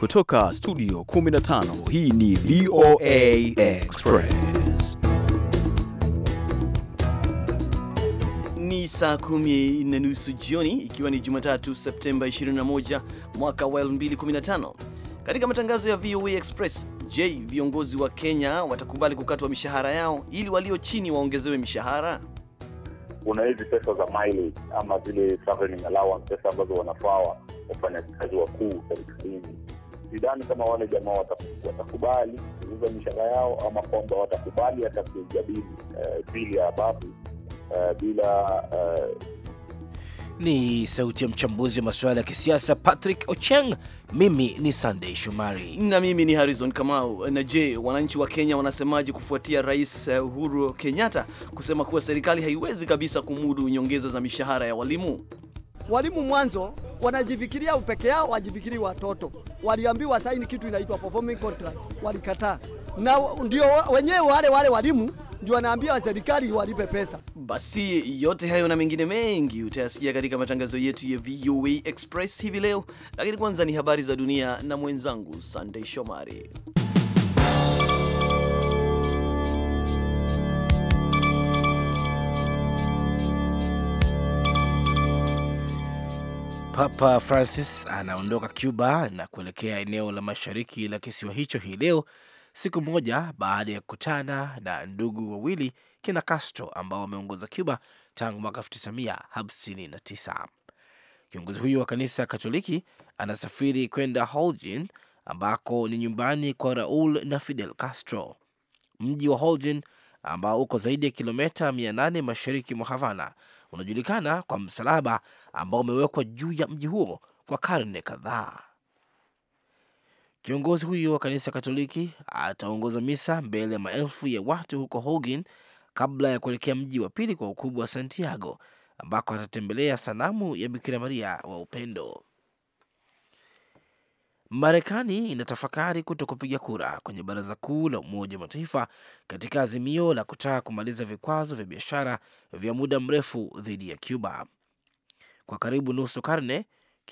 Kutoka studio 15 hii ni VOA Express. Ni saa kumi na nusu jioni ikiwa ni Jumatatu Septemba 21 mwaka wa 2015. Katika matangazo ya VOA Express, je, viongozi wa Kenya watakubali kukatwa mishahara yao ili walio chini waongezewe mishahara? Kuna hizi pesa za mileage ama zile traveling allowance, pesa ambazo wanafaa wafanyakazi wakuu serikalini. Sidhani kama wale jamaa watakubali kuuza mishahara yao ama kwamba watakubali hata kujadili bili eh, ya babu eh, bila eh, ni sauti ya mchambuzi wa masuala ya kisiasa Patrick Ocheng. Mimi ni sandey Shomari na mimi ni Harrison Kamau. Na je, wananchi wa Kenya wanasemaje kufuatia Rais Uhuru Kenyatta kusema kuwa serikali haiwezi kabisa kumudu nyongeza za mishahara ya walimu? Walimu mwanzo wanajifikiria upeke yao, wajifikiri watoto. Waliambiwa saini kitu inaitwa performing contract, walikataa, na ndio wenyewe wale wale walimu ndio wanaambia serikali walipe pesa. Basi yote hayo na mengine mengi utayasikia katika matangazo yetu ya VOA Express hivi leo, lakini kwanza ni habari za dunia na mwenzangu Sunday Shomari. Papa Francis anaondoka Cuba na kuelekea eneo la mashariki la kisiwa hicho hii leo, siku moja baada ya kukutana na ndugu wawili kina Castro ambao wameongoza Cuba tangu mwaka 1959. Kiongozi huyo wa kanisa Katoliki anasafiri kwenda Holguin ambako ni nyumbani kwa Raul na Fidel Castro. Mji wa Holguin ambao uko zaidi ya kilometa 800 mashariki mwa Havana unajulikana kwa msalaba ambao umewekwa juu ya mji huo kwa karne kadhaa. Kiongozi huyo wa kanisa Katoliki ataongoza misa mbele ya maelfu ya watu huko Holguin kabla ya kuelekea mji wa pili kwa ukubwa wa Santiago ambako atatembelea sanamu ya Bikira Maria wa Upendo. Marekani inatafakari kuto kupiga kura kwenye baraza kuu la Umoja wa Mataifa katika azimio la kutaka kumaliza vikwazo vya biashara vya muda mrefu dhidi ya Cuba. Kwa karibu nusu karne,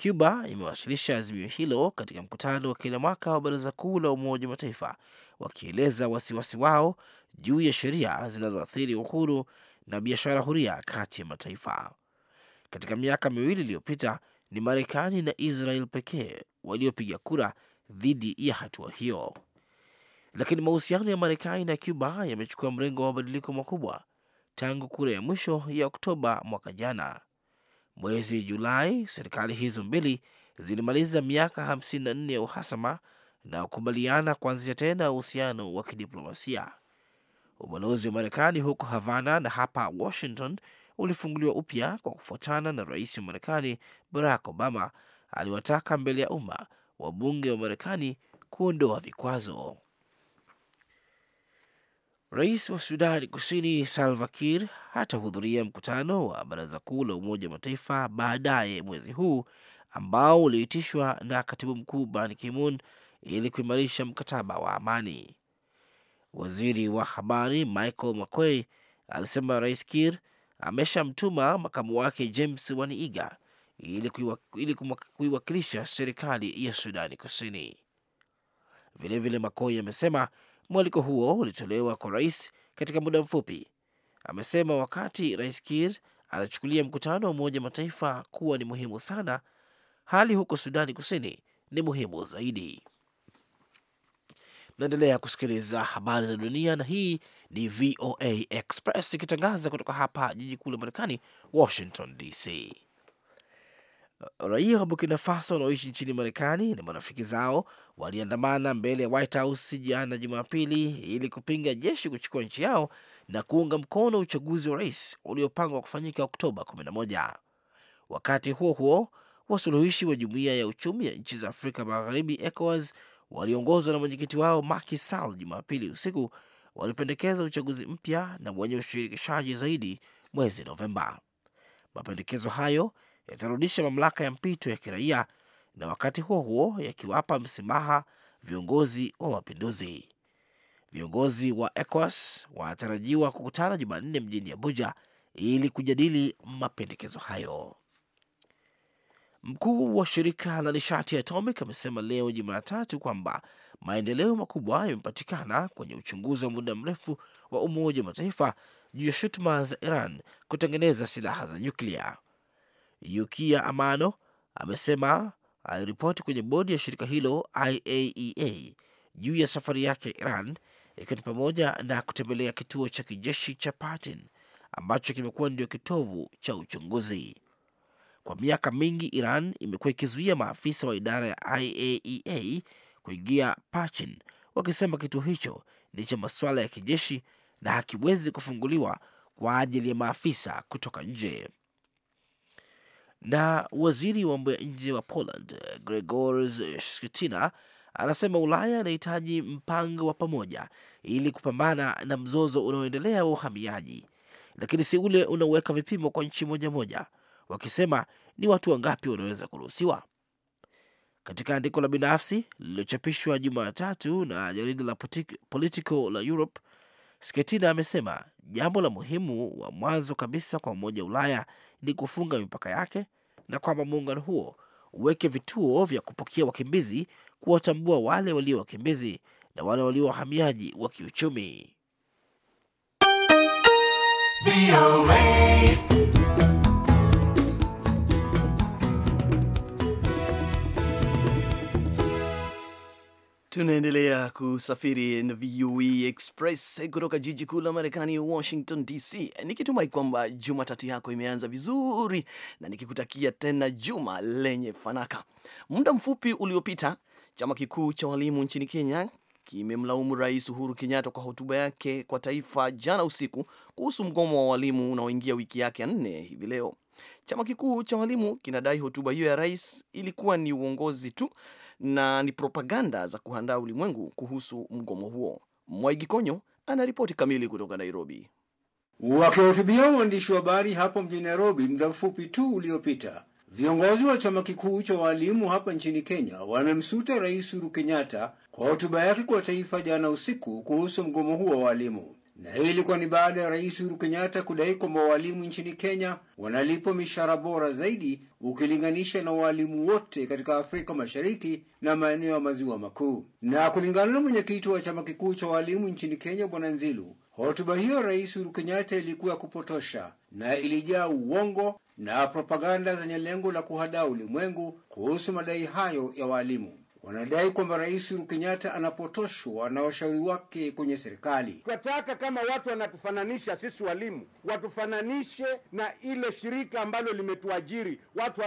Cuba imewasilisha azimio hilo katika mkutano wa kila mwaka wa baraza kuu la Umoja wa Mataifa, wakieleza wasiwasi wao juu ya sheria zinazoathiri uhuru na biashara huria kati ya mataifa. Katika miaka miwili iliyopita ni Marekani na Israel pekee waliopiga kura dhidi ya hatua hiyo. Lakini mahusiano ya Marekani na Cuba yamechukua mrengo wa mabadiliko makubwa tangu kura ya mwisho ya Oktoba mwaka jana. Mwezi Julai, serikali hizo mbili zilimaliza miaka 54 ya uhasama na kukubaliana kuanzisha tena uhusiano wa kidiplomasia. Ubalozi wa Marekani huko Havana na hapa Washington ulifunguliwa upya kwa kufuatana na rais wa Marekani Barack Obama aliwataka mbele ya umma wabunge wa Marekani kuondoa vikwazo. Rais wa Sudani Kusini Salva Kiir hatahudhuria mkutano wa Baraza Kuu la Umoja wa Mataifa baadaye mwezi huu ambao uliitishwa na katibu mkuu Ban Ki-moon ili kuimarisha mkataba wa amani. Waziri wa habari Michael Makwei alisema Rais Kiir ameshamtuma makamu wake James Waniiga ili kuiwakilisha serikali ya Sudani Kusini. Vilevile, Makoi amesema mwaliko huo ulitolewa kwa rais katika muda mfupi. Amesema wakati Rais kir anachukulia mkutano wa Umoja Mataifa kuwa ni muhimu sana, hali huko Sudani Kusini ni muhimu zaidi. Naendelea kusikiliza habari za dunia, na hii ni VOA Express ikitangaza kutoka hapa jiji kuu la Marekani, Washington DC. Raia wa Burkina Faso wanaoishi nchini Marekani na marafiki zao waliandamana mbele ya White House jana Jumapili ili kupinga jeshi kuchukua nchi yao na kuunga mkono uchaguzi wa rais uliopangwa kufanyika Oktoba 11. Wakati huo huo, wasuluhishi wa jumuiya ya uchumi ya nchi za Afrika Magharibi ECOWAS walioongozwa na mwenyekiti wao Macky Sall Jumapili usiku walipendekeza uchaguzi mpya na wenye ushirikishaji zaidi mwezi Novemba. Mapendekezo hayo yatarudisha mamlaka ya mpito ya kiraia na wakati huo huo yakiwapa msamaha viongozi wa mapinduzi. Viongozi wa ECOWAS wanatarajiwa kukutana Jumanne mjini Abuja ili kujadili mapendekezo hayo. Mkuu wa shirika la nishati ya atomic amesema leo Jumatatu kwamba maendeleo makubwa yamepatikana kwenye uchunguzi wa muda mrefu wa Umoja wa Mataifa juu ya shutuma za Iran kutengeneza silaha za nyuklia. Yukia Amano amesema aliripoti kwenye bodi ya shirika hilo IAEA e juu ya safari yake ya Iran, ikiwa ni pamoja na kutembelea kituo cha kijeshi cha Patin ambacho kimekuwa ndio kitovu cha uchunguzi. Kwa miaka mingi Iran imekuwa ikizuia maafisa wa idara ya IAEA e kuingia Pachin, wakisema kituo hicho ni cha masuala ya kijeshi na hakiwezi kufunguliwa kwa ajili ya maafisa kutoka nje. Na waziri wa mambo ya nje wa Poland Gregorz Skitina anasema Ulaya anahitaji mpango wa pamoja ili kupambana na mzozo unaoendelea wa uhamiaji, lakini si ule unaoweka vipimo kwa nchi moja moja wakisema ni watu wangapi wanaweza kuruhusiwa. Katika andiko la binafsi lililochapishwa Jumatatu na jarida la Politico la Europe, Sketina amesema jambo la muhimu wa mwanzo kabisa kwa Umoja wa Ulaya ni kufunga mipaka yake na kwamba muungano huo uweke vituo vya kupokea wakimbizi, kuwatambua wale walio wakimbizi na wale walio wahamiaji wa kiuchumi. Tunaendelea kusafiri na VOA e Express kutoka jiji kuu la Marekani, Washington DC, nikitumai kwamba Jumatatu yako imeanza vizuri na nikikutakia tena juma lenye fanaka. Muda mfupi uliopita, chama kikuu cha walimu nchini Kenya kimemlaumu Rais Uhuru Kenyatta kwa hotuba yake kwa taifa jana usiku kuhusu mgomo wa walimu unaoingia wiki yake ya nne hivi leo. Chama kikuu cha walimu kinadai hotuba hiyo ya rais ilikuwa ni uongozi tu na ni propaganda za kuhandaa ulimwengu kuhusu mgomo huo. Mwaigikonyo ripoti kamili kutoka Nairobi. wakihutubia waandishi wa habari hapo mjini Nairobi muda mfupi tu uliopita, viongozi wa chama kikuu cha waalimu hapa nchini Kenya wamemsuta Rais Uhuru Kenyatta kwa hotuba yake kwa taifa jana usiku kuhusu mgomo huo wa waalimu na hii ilikuwa ni baada ya Rais Uhuru Kenyatta kudai kwamba waalimu nchini Kenya wanalipwa mishahara bora zaidi ukilinganisha na waalimu wote katika Afrika Mashariki na maeneo ya Maziwa Makuu. Na kulingana na mwenyekiti wa chama kikuu cha waalimu nchini Kenya, Bwana Nzilu, hotuba hiyo Rais Uhuru Kenyatta ilikuwa ya kupotosha na ilijaa uongo na propaganda zenye lengo la kuhadaa ulimwengu kuhusu madai hayo ya waalimu wanadai kwamba Rais Uhuru Kenyatta anapotoshwa na washauri wake kwenye serikali. Tunataka kama watu wanatufananisha sisi walimu, watufananishe na ile shirika ambalo limetuajiri. Watu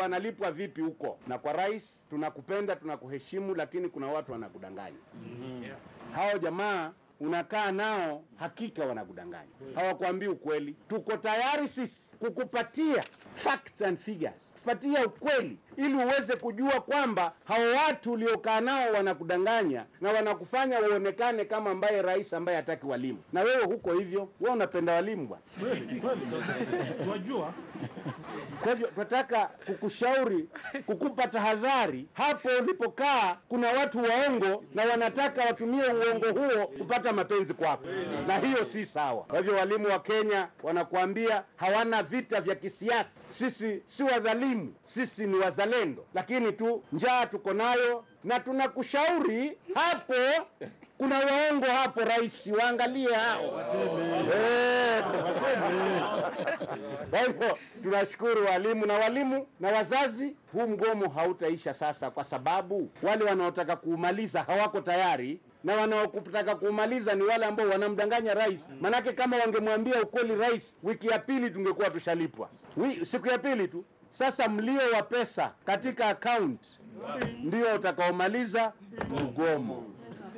wanalipwa vipi huko? Na kwa rais, tunakupenda tunakuheshimu, lakini kuna watu wanakudanganya. mm -hmm. yeah. hao jamaa unakaa nao hakika wanakudanganya, mm-hmm. hawakuambii ukweli. Tuko tayari sisi kukupatia facts and figures, kupatia ukweli ili uweze kujua kwamba hao watu uliokaa nao wanakudanganya na wanakufanya uonekane kama ambaye rais ambaye hataki walimu, na wewe huko hivyo, wewe unapenda walimu bwana, Kwa hivyo tunataka kukushauri, kukupa tahadhari, hapo ulipokaa kuna watu waongo na wanataka watumie uongo huo kupata mapenzi kwako, na hiyo si sawa. Kwa hivyo walimu wa Kenya wanakuambia hawana vita vya kisiasa. Sisi si wadhalimu, sisi ni wazalimu uzalendo, lakini tu njaa tuko nayo, na tunakushauri hapo kuna waongo hapo, rais, waangalie hao kwa hivyo tunashukuru walimu na walimu na wazazi. Huu mgomo hautaisha sasa, kwa sababu wale wanaotaka kuumaliza hawako tayari, na wanaotaka kuumaliza ni wale ambao wanamdanganya rais. Manake kama wangemwambia ukweli rais, wiki ya pili tungekuwa tushalipwa, siku ya pili tu. Sasa mlio wa pesa katika account ndio utakaomaliza mgomo.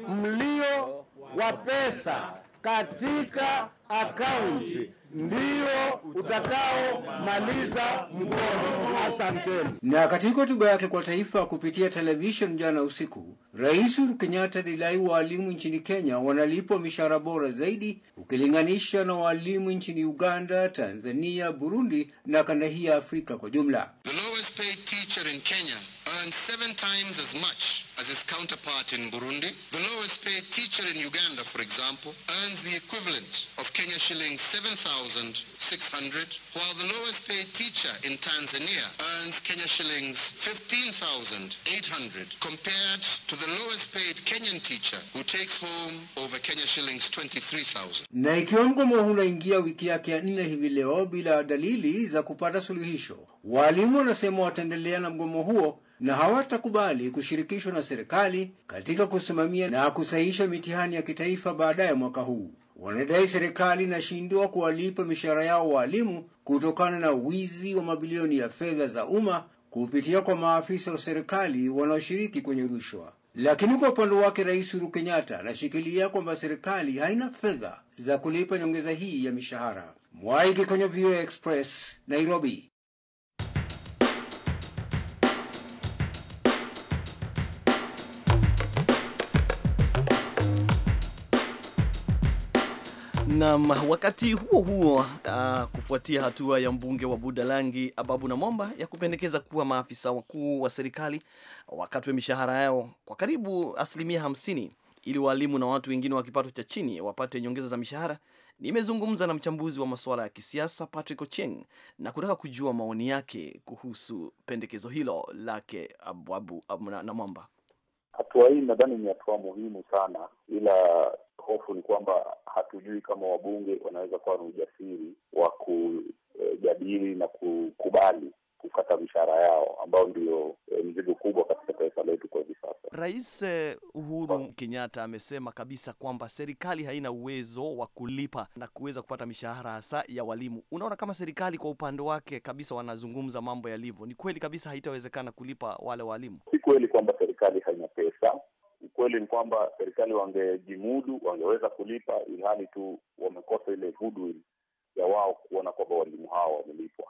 Mlio wa pesa katika akaunti ndio utakaomaliza mgomo. Asanteni. Na katika hotuba yake kwa taifa kupitia televishen jana usiku, Rais Uhuru Kenyatta alidai waalimu nchini Kenya wanalipwa mishahara bora zaidi ukilinganisha na waalimu nchini Uganda, Tanzania, Burundi na kanda hii ya Afrika kwa jumla. The lowest paid teacher in Kenya earns seven times as much as his counterpart in Burundi. The lowest paid teacher in Uganda, for example, earns the equivalent of Kenya shillings 7,600, while the lowest paid teacher in Tanzania earns Kenya shillings 15,800, compared to the lowest paid Kenyan teacher who takes home over Kenya shillings 23,000. Na ikiwa mgomo huu unaingia wiki yake ya nne hivi leo bila dalili za kupata suluhisho, walimu wanasema wataendelea na mgomo huo na hawatakubali kushirikishwa na serikali katika kusimamia na kusahihisha mitihani ya kitaifa baadaye mwaka huu wanadai serikali inashindwa kuwalipa mishahara yao waalimu kutokana na wizi wa mabilioni ya fedha za umma kupitia kwa maafisa wa serikali wanaoshiriki kwenye rushwa. Lakini kwa upande wake, Rais Uhuru Kenyatta anashikilia kwamba serikali haina fedha za kulipa nyongeza hii ya mishahara. Mwaiki kwenye VOA Express, Nairobi. Nam, wakati huo huo, uh, kufuatia hatua ya mbunge wa Budalangi Ababu Namwamba ya kupendekeza kuwa maafisa wakuu wa serikali wakatwe mishahara yao kwa karibu asilimia hamsini ili waalimu na watu wengine wa kipato cha chini wapate nyongeza za mishahara, nimezungumza na mchambuzi wa masuala ya kisiasa Patrick Ochieng na kutaka kujua maoni yake kuhusu pendekezo hilo lake Ababu Namwamba. Hatua hii nadhani ni hatua muhimu sana, ila hofu ni kwamba hatujui kama wabunge wanaweza kuwa na ujasiri wa kujadili na kukubali kukata mishahara yao ambao ndio e, mzigo kubwa katika taifa letu kwa hivi sasa. Rais eh, Uhuru Kenyatta amesema kabisa kwamba serikali haina uwezo wa kulipa na kuweza kupata mishahara hasa ya walimu. Unaona, kama serikali kwa upande wake kabisa wanazungumza mambo yalivyo, ni kweli kabisa haitawezekana kulipa wale walimu. Si kweli kwamba serikali haina pesa. Ukweli ni kwamba serikali wangejimudu, wangeweza kulipa, ilhali tu wamekosa ile goodwill ya wao kuona kwamba walimu hawa wamelipwa.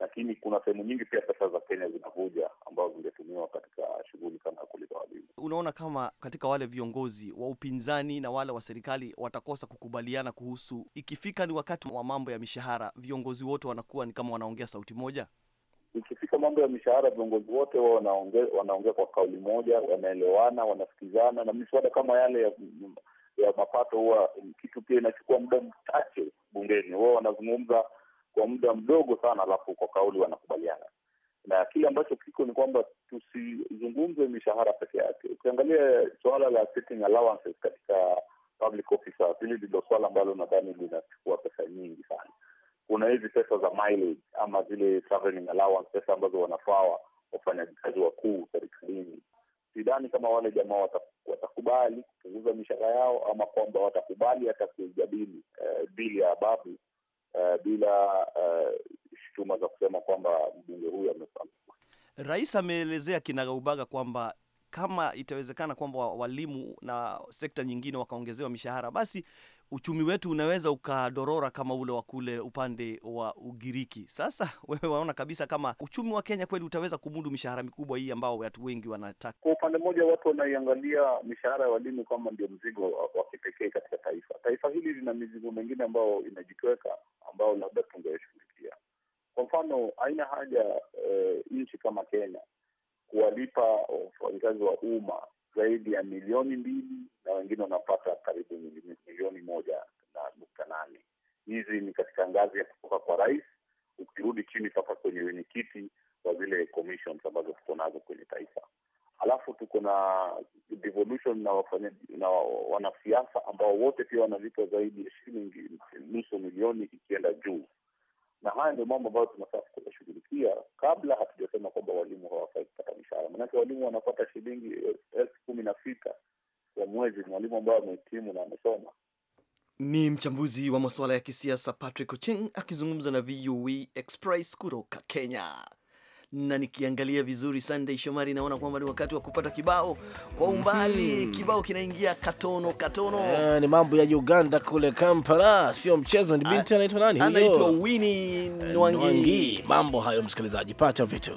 Lakini kuna sehemu nyingi pia pesa za Kenya zinavuja ambazo zingetumiwa katika shughuli kama ya kulipa walimu. Unaona kama katika wale viongozi wa upinzani na wale wa serikali watakosa kukubaliana kuhusu, ikifika ni wakati wa mambo ya mishahara, viongozi wote wanakuwa ni kama wanaongea sauti moja ikifika mambo ya mishahara, viongozi wote wao wanaongea wanaongea kwa kauli moja, wanaelewana, wanasikizana, na miswada kama yale ya ya mapato huwa kitu pia inachukua muda mchache bungeni. Wao wanazungumza kwa muda mdogo sana, alafu kwa kauli wanakubaliana, na kile ambacho kiko ni kwamba tusizungumze mishahara peke yake. Ukiangalia suala la sitting allowances katika public officers, hili ndilo swala ambalo nadhani linachukua pesa nyingi sana kuna hizi pesa za mileage ama zile traveling allowance, pesa ambazo wanafaa wafanyakazi wakuu serikalini. Sidhani kama wale jamaa watakubali kupunguza mishahara yao ama kwamba watakubali hata kuijadili eh, bili ya babu eh, bila eh, shutuma za kusema kwamba mbunge huyu amefaa. Rais ameelezea kinagaubaga kwamba kama itawezekana kwamba walimu na sekta nyingine wakaongezewa mishahara, basi uchumi wetu unaweza ukadorora kama ule wa kule upande wa Ugiriki. Sasa wewe waona kabisa kama uchumi wa Kenya kweli utaweza kumudu mishahara mikubwa hii ambao watu wengi wanataka? Kwa upande mmoja, watu wanaiangalia mishahara ya walimu kama ndio mzigo wa kipekee katika taifa. Taifa hili lina mizigo mengine ambayo inajitweka, ambayo labda tungeshughulikia. Kwa mfano, haina haja e, nchi kama Kenya kuwalipa wafanyakazi wa umma zaidi ya milioni mbili na wengine wanapata karibu milioni moja na nukta nane. Hizi ni katika ngazi ya kutoka kwa rais, ukirudi chini mpaka kwenye wenyekiti wa zile commissions ambazo tuko nazo kwenye taifa. Alafu tuko na devolution na wafanya na wanasiasa ambao wote pia wanalipwa zaidi ya shilingi nusu milioni ikienda juu na haya ndio mambo ambayo tunafaa kuyashughulikia kabla hatujasema kwamba walimu hawafai kupata mishahara. Maanake walimu wanapata shilingi elfu kumi na sita kwa mwezi, mwalimu ambayo amehitimu na amesoma. Ni mchambuzi wa masuala ya kisiasa Patrick Ocheng akizungumza na VOA e Express kutoka Kenya na nikiangalia vizuri, Sunday Shomari, naona kwamba ni wakati wa kupata kibao kwa umbali. mm -hmm. Kibao kinaingia katono katono. Uh, ni mambo ya Uganda kule Kampala, sio mchezo. Ni binti anaitwa nani Anaitwa Wini eh, Nwangi. Nwangi. Mambo hayo, msikilizaji, pata vitu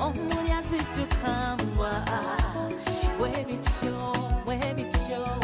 omulya zitukambwa webityo webityo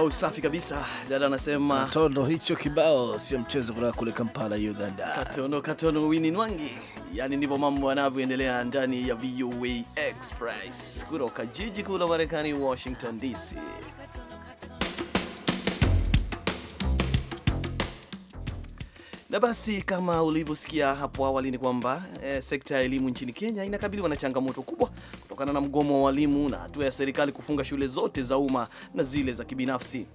kibao safi kabisa. Dada anasema katono, hicho kibao sio mchezo, kutoka kule Kampala, Uganda. Katono katono, wini nwangi. Yani ndivyo mambo yanavyoendelea ndani ya VOA Express kutoka jiji kuu la Marekani, Washington DC. basi kama ulivyosikia hapo awali ni kwamba e, sekta ya elimu nchini Kenya inakabiliwa na changamoto kubwa kutokana na mgomo wa walimu na hatua ya serikali kufunga shule zote za umma na zile za kibinafsi.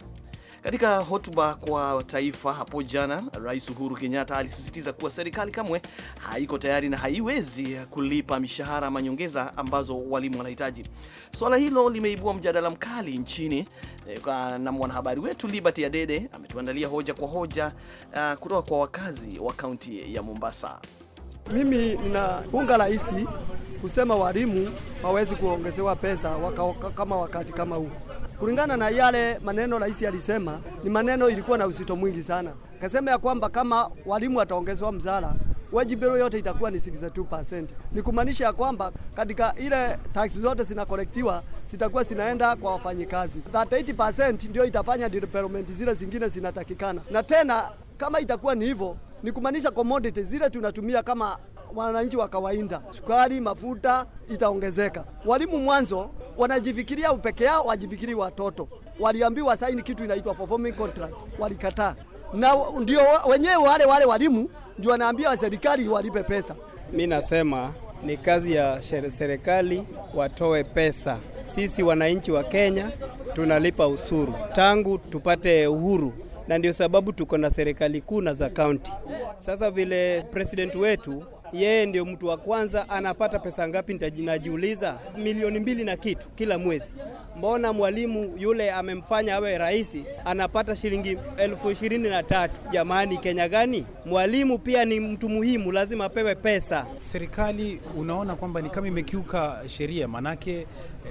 Katika hotuba kwa taifa hapo jana, Rais Uhuru Kenyatta alisisitiza kuwa serikali kamwe haiko tayari na haiwezi kulipa mishahara ama nyongeza ambazo walimu wanahitaji. Swala hilo limeibua mjadala mkali nchini, eh, na mwanahabari wetu Liberty Adede ametuandalia hoja kwa hoja uh, kutoka kwa wakazi wa kaunti ya Mombasa. Mimi ninaunga rahisi kusema walimu wawezi kuongezewa pesa waka, kama wakati kama huu kulingana na yale maneno rais alisema, ni maneno ilikuwa na uzito mwingi sana. Akasema ya kwamba kama walimu wataongezewa mzara wajibero yote itakuwa ni 62%. Ni kumaanisha ya kwamba katika ile tax zote zinakolektiwa zitakuwa zinaenda kwa wafanyikazi. 38% ndio itafanya development zile zingine zinatakikana. Na tena kama itakuwa ni hivyo, ni kumaanisha commodities zile tunatumia kama wananchi wa kawaida, sukari, mafuta itaongezeka. Walimu mwanzo wanajifikiria upeke yao, wajifikiri watoto. Waliambiwa saini kitu inaitwa performing contract, walikataa. Na ndio wenyewe wale wale walimu ndio wanaambia wa serikali walipe pesa. Mi nasema ni kazi ya serikali watoe pesa. Sisi wananchi wa Kenya tunalipa usuru tangu tupate uhuru, na ndio sababu tuko na serikali kuu na za kaunti. Sasa vile president wetu yeye ndio mtu wa kwanza anapata pesa ngapi? Najiuliza, milioni mbili na kitu kila mwezi. Mbona mwalimu yule amemfanya awe rais anapata shilingi elfu ishirini na tatu? Jamani, Kenya gani? Mwalimu pia ni mtu muhimu, lazima apewe pesa. Serikali unaona kwamba ni kama imekiuka sheria, manake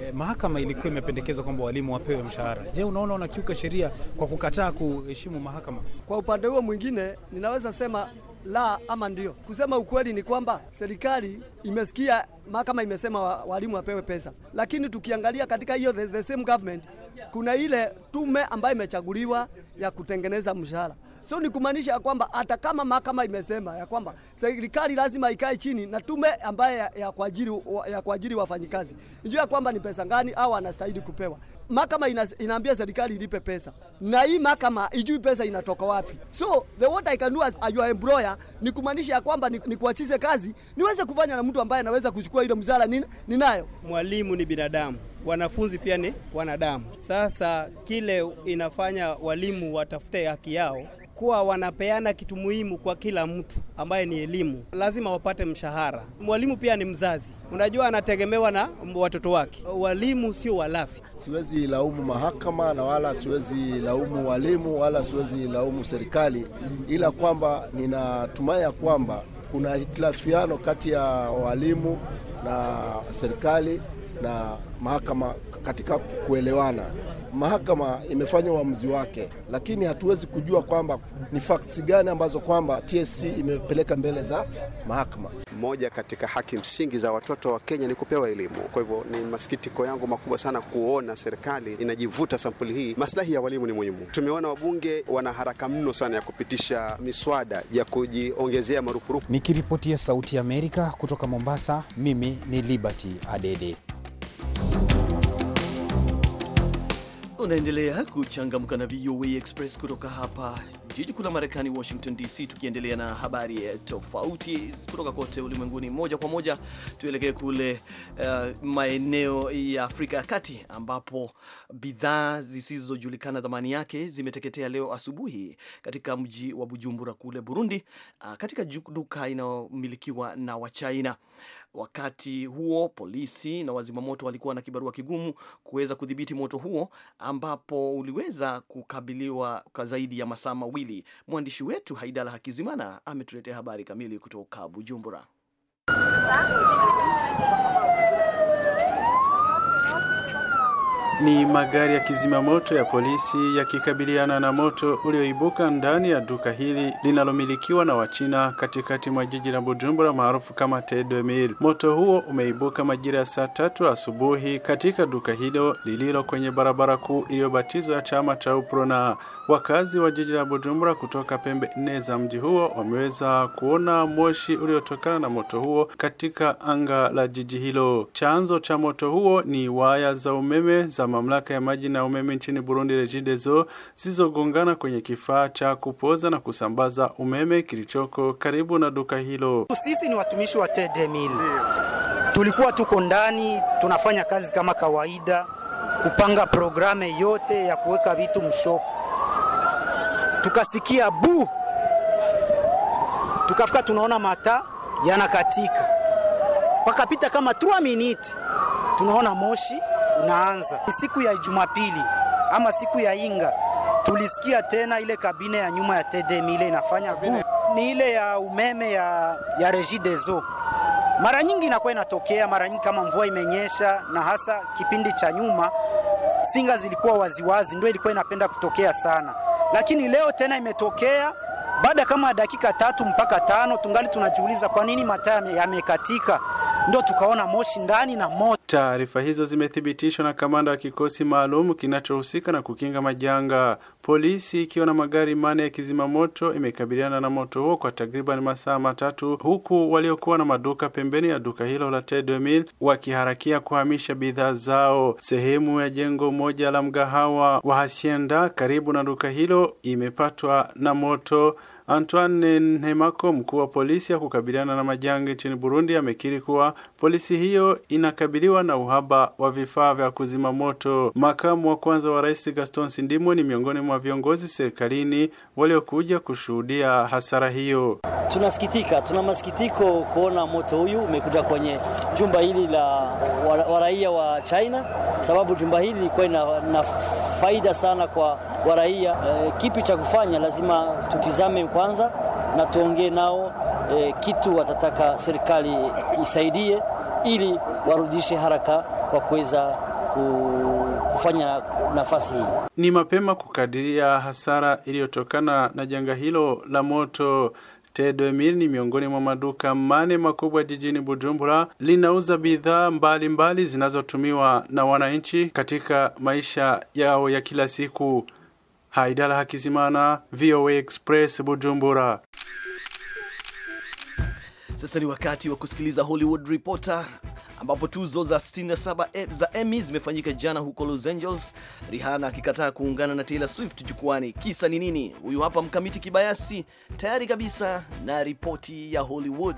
eh, mahakama ilikuwa imependekeza kwamba walimu wapewe mshahara. Je, unaona unakiuka sheria kwa kukataa kuheshimu mahakama? Kwa upande huo mwingine, ninaweza sema la ama ndio. Kusema ukweli ni kwamba serikali imesikia mahakama imesema walimu wapewe pesa, lakini tukiangalia katika hiyo the, the same government kuna ile tume ambayo imechaguliwa ya kutengeneza mshahara. So ni kumaanisha kwamba hata kama mahakama imesema ya kwamba serikali lazima ikae chini na tume ambayo ya, kuajiri ya kuajiri wafanyikazi njoo ya kwamba ni pesa ngani au anastahili kupewa. Mahakama inaambia serikali ilipe pesa, na hii mahakama ijui pesa inatoka wapi. So the what I can do as your employer ni kumaanisha kwamba ni, ni kuachize kazi niweze kufanya na mtu mtu ambaye anaweza kuchukua ile mzala nini ninayo. Mwalimu ni binadamu, wanafunzi pia ni wanadamu. Sasa kile inafanya walimu watafute haki yao kuwa wanapeana kitu muhimu kwa kila mtu ambaye ni elimu, lazima wapate mshahara. Mwalimu pia ni mzazi, unajua anategemewa na watoto wake. Walimu sio walafi. Siwezi laumu mahakama na wala siwezi laumu walimu wala siwezi laumu serikali, ila kwamba ninatumai kwamba kuna hitilafiano kati ya walimu na serikali na mahakama katika kuelewana mahakama imefanya uamuzi wake, lakini hatuwezi kujua kwamba ni facts gani ambazo kwamba TSC imepeleka mbele za mahakama. Moja katika haki msingi za watoto wa Kenya ni kupewa elimu. Kwa hivyo ni masikitiko yangu makubwa sana kuona serikali inajivuta sampuli hii. Maslahi ya walimu ni muhimu. Tumeona wabunge wana haraka mno sana ya kupitisha miswada ya kujiongezea marupurupu. Nikiripotia Sauti ya Amerika kutoka Mombasa, mimi ni Liberty Adede. Unaendelea kuchangamka na VOA Express kutoka hapa jiji kuu la Marekani, Washington DC, tukiendelea na habari tofauti kutoka kote ulimwenguni. Moja kwa moja tuelekee kule uh, maeneo ya Afrika ya Kati ambapo bidhaa zisizojulikana thamani yake zimeteketea leo asubuhi katika mji wa Bujumbura kule Burundi, uh, katika duka inayomilikiwa na Wachina. Wakati huo polisi na wazimamoto walikuwa na kibarua kigumu kuweza kudhibiti moto huo, ambapo uliweza kukabiliwa kwa zaidi ya masaa mawili. Mwandishi wetu Haidala Hakizimana ametuletea habari kamili kutoka Bujumbura. Ni magari ya kizima moto ya polisi yakikabiliana na moto ulioibuka ndani ya duka hili linalomilikiwa na Wachina katikati mwa jiji la Bujumbura maarufu kama Tedemir. Moto huo umeibuka majira ya saa tatu asubuhi katika duka hilo lililo kwenye barabara kuu iliyobatizwa ya chama cha UPRONA. Wakazi wa jiji la Bujumbura kutoka pembe nne za mji huo wameweza kuona moshi uliotokana na moto huo katika anga la jiji hilo. Chanzo cha moto huo ni waya za umeme za za mamlaka ya maji na umeme nchini Burundi Regideso zilizogongana kwenye kifaa cha kupoza na kusambaza umeme kilichoko karibu na duka hilo. Sisi ni watumishi wa TEDEMIL, tulikuwa tuko ndani tunafanya kazi kama kawaida, kupanga programe yote ya kuweka vitu mshopu, tukasikia bu, tukafika tunaona mataa yanakatika, pakapita kama 3 minute tunaona moshi unaanza siku ya Jumapili ama siku ya Inga. Tulisikia tena ile kabine ya nyuma ya TDM ile inafanya bu, ni ile ya umeme ya, ya dezo mara nyingi inakuwa inatokea mara nyingi kama mvua imenyesha, na hasa kipindi cha nyuma singa zilikuwa waziwazi, ndio ilikuwa inapenda kutokea sana, lakini leo tena imetokea baada kama dakika tatu mpaka tano, tungali tunajiuliza kwa nini mataa yamekatika ndio tukaona moshi ndani na moto. Taarifa hizo zimethibitishwa na kamanda wa kikosi maalum kinachohusika na kukinga majanga. Polisi ikiwa na magari mane ya kizima moto imekabiliana na moto huo kwa takriban masaa matatu, huku waliokuwa na maduka pembeni ya duka hilo la Tedomil wakiharakia kuhamisha bidhaa zao. Sehemu ya jengo moja la mgahawa wa hasienda karibu na duka hilo imepatwa na moto. Antoine Nemako, mkuu wa polisi ya kukabiliana na majanga nchini Burundi, amekiri kuwa polisi hiyo inakabiliwa na uhaba wa vifaa vya kuzima moto. Makamu wa kwanza wa rais Gaston Sindimo ni miongoni mwa viongozi serikalini waliokuja kushuhudia hasara hiyo. Tunasikitika, tuna masikitiko kuona moto huyu umekuja kwenye jumba hili la waraia wa China, sababu jumba hili lilikuwa na faida sana kwa wa raia e, kipi cha kufanya, lazima tutizame kwanza na tuongee nao e, kitu watataka serikali isaidie ili warudishe haraka kwa kuweza kufanya nafasi hii. Ni mapema kukadiria hasara iliyotokana na janga hilo la moto. t ni miongoni mwa maduka mane makubwa jijini Bujumbura, linauza bidhaa mbalimbali zinazotumiwa na wananchi katika maisha yao ya kila siku haidara hakizimana voa express bujumbura sasa ni wakati wa kusikiliza hollywood reporter ambapo tuzo za 67 e- za Emmy zimefanyika jana huko Los Angeles, Rihanna akikataa kuungana na Taylor Swift jukwani. Kisa ni nini? Huyu hapa Mkamiti Kibayasi tayari kabisa na ripoti ya Hollywood.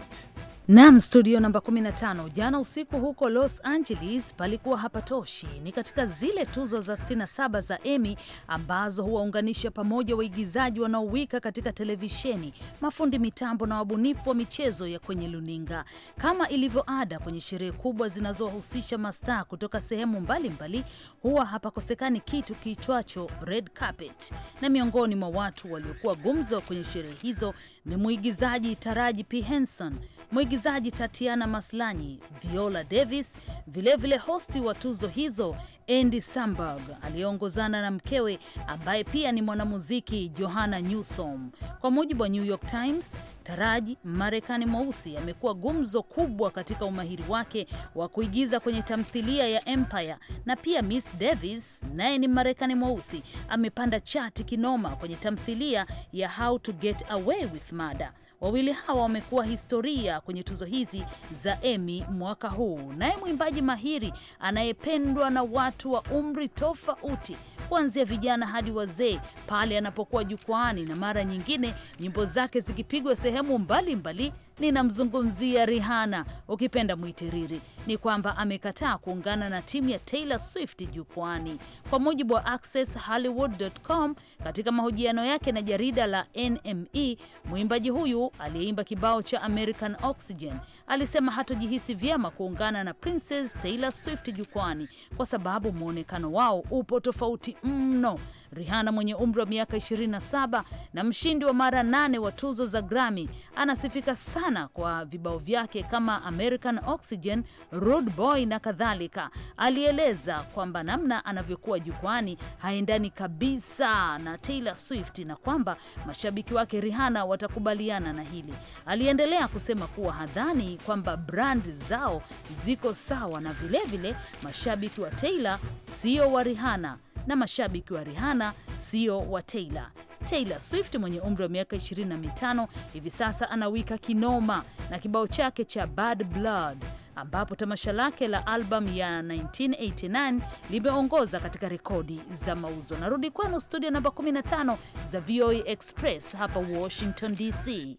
Nam studio namba 15 jana usiku huko Los Angeles palikuwa hapatoshi. Ni katika zile tuzo za 67 za Emmy ambazo huwaunganisha pamoja waigizaji wanaowika katika televisheni, mafundi mitambo na wabunifu wa michezo ya kwenye luninga. Kama ilivyo ada kwenye sherehe kubwa zinazohusisha mastaa kutoka sehemu mbalimbali, huwa hapakosekani kitu kiitwacho red carpet, na miongoni mwa watu waliokuwa gumzo kwenye sherehe hizo ni mwigizaji Taraji P Henson, mwigizaji mwigizaji Tatiana Maslany, Viola Davis, vilevile hosti wa tuzo hizo Andy Samberg aliyeongozana na mkewe ambaye pia ni mwanamuziki Johanna Newsom. Kwa mujibu wa New York Times, Taraji Marekani mweusi amekuwa gumzo kubwa katika umahiri wake wa kuigiza kwenye tamthilia ya Empire, na pia Miss Davis naye ni Marekani mweusi amepanda chati kinoma kwenye tamthilia ya How to Get Away with Murder. Wawili hawa wamekuwa historia kwenye tuzo hizi za Emmy mwaka huu. Naye mwimbaji mahiri anayependwa na watu watu wa umri tofauti kuanzia vijana hadi wazee pale anapokuwa jukwaani, na mara nyingine nyimbo zake zikipigwa sehemu mbalimbali. Ninamzungumzia Rihanna, ukipenda mwitiriri. Ni kwamba amekataa kuungana na timu ya Taylor Swift jukwani, kwa mujibu wa Access Hollywood.com. Katika mahojiano yake na jarida la NME, mwimbaji huyu aliyeimba kibao cha American Oxygen alisema hatojihisi vyema kuungana na Princess Taylor Swift jukwani kwa sababu mwonekano wao upo tofauti mno. Rihanna mwenye umri wa miaka 27 na mshindi wa mara nane wa tuzo za Grammy anasifika sana kwa vibao vyake kama American Oxygen, Rude Boy na kadhalika. Alieleza kwamba namna anavyokuwa jukwani haendani kabisa na Taylor Swift na kwamba mashabiki wake Rihanna watakubaliana na hili. Aliendelea kusema kuwa hadhani kwamba brand zao ziko sawa, na vilevile mashabiki wa Taylor sio wa Rihanna na mashabiki wa Rihanna sio wa Taylor. Taylor Swift mwenye umri wa miaka 25 hivi sasa anawika kinoma na kibao chake cha Bad Blood ambapo tamasha lake la albamu ya 1989 limeongoza katika rekodi za mauzo. Narudi kwenu studio namba 15 za VOA e Express hapa Washington DC.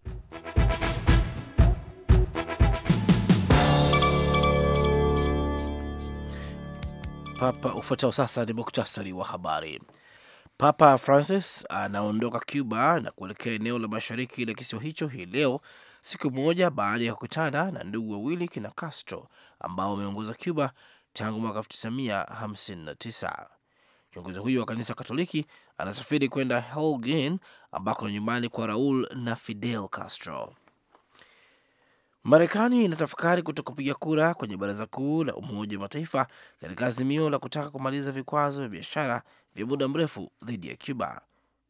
Papa. Ufuatao sasa ni muktasari wa habari. Papa Francis anaondoka Cuba na kuelekea eneo la mashariki la kisiwa hicho hii leo, siku moja baada ya kukutana na ndugu wawili kina Castro ambao wameongoza Cuba tangu mwaka 1959. Kiongozi huyo wa kanisa Katoliki anasafiri kwenda Holguin ambako ni nyumbani kwa Raul na Fidel Castro. Marekani inatafakari kutokupiga kura kwenye baraza kuu la Umoja wa Mataifa katika azimio la kutaka kumaliza vikwazo vya biashara vya muda mrefu dhidi ya Cuba.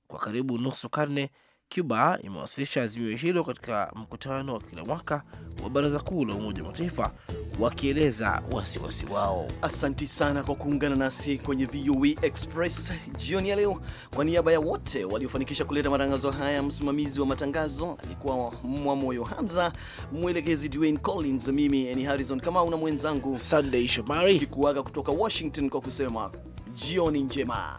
Kwa karibu nusu karne, Cuba imewasilisha azimio hilo katika mkutano wa kila mwaka wa Baraza Kuu la Umoja wa Mataifa wakieleza wasiwasi wao. Asanti sana kwa kuungana nasi kwenye VOA e Express jioni ya leo. Kwa niaba ya wote waliofanikisha kuleta matangazo haya, msimamizi wa matangazo alikuwa Mwamoyo Hamza, mwelekezi Dwayne Collins, mimi ni Harrison Kamau na mwenzangu Sunday Shomari, tukikuaga kutoka Washington kwa kusema jioni njema.